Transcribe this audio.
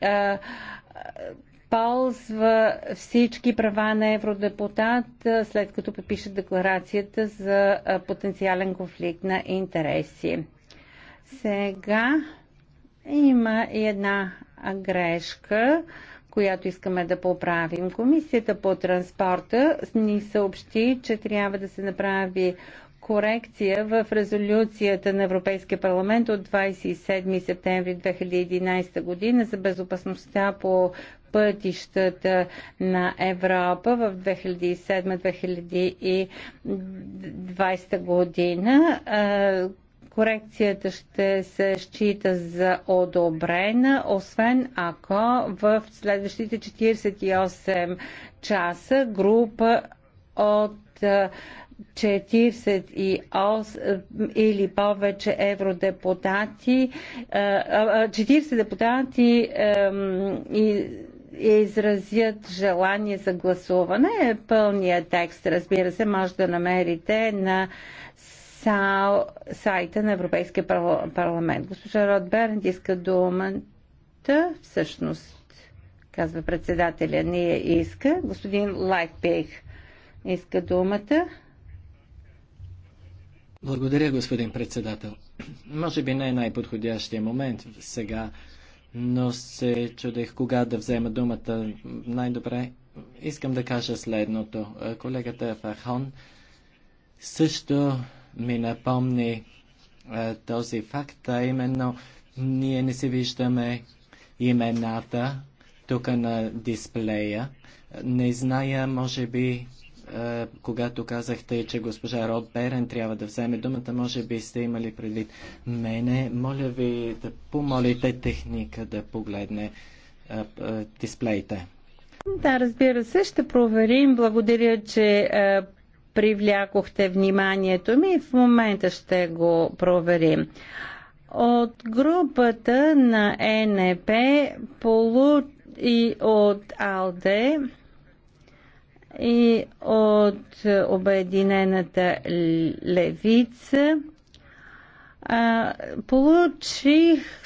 а, ползва всички права на евродепутат, след като подпише декларацията за потенциален конфликт на интереси. Сега има и една грешка, която искаме да поправим. Комисията по транспорта ни съобщи, че трябва да се направи корекция в резолюцията на Европейския парламент от 27 септември 2011 година за безопасността по пътищата на Европа в 2007-2020 година. Корекцията ще се счита за одобрена, освен ако в следващите 48 часа група от 48 или повече евродепутати, 40 депутати изразят желание за гласуване. Е пълният текст, разбира се, може да намерите на сайта на Европейския парламент. Госпожа Род Бернт иска думата, всъщност, казва председателя, ние иска. Господин Лайфпейх иска думата. Благодаря, господин председател. Може би не е най-подходящия момент сега, но се чудех кога да взема думата най-добре. Искам да кажа следното. Колегата Фахон също ми напомни е, този факт, а именно ние не се виждаме имената тук на дисплея. Не зная, може би е, когато казахте, че госпожа Род Берен трябва да вземе думата, може би сте имали предвид мене. Моля ви да помолите техника да погледне е, е, дисплеите. Да, разбира се, ще проверим. Благодаря, че привлякохте вниманието ми и в момента ще го проверим. От групата на НП полу... и от АЛДЕ и от Обединената левица. Получих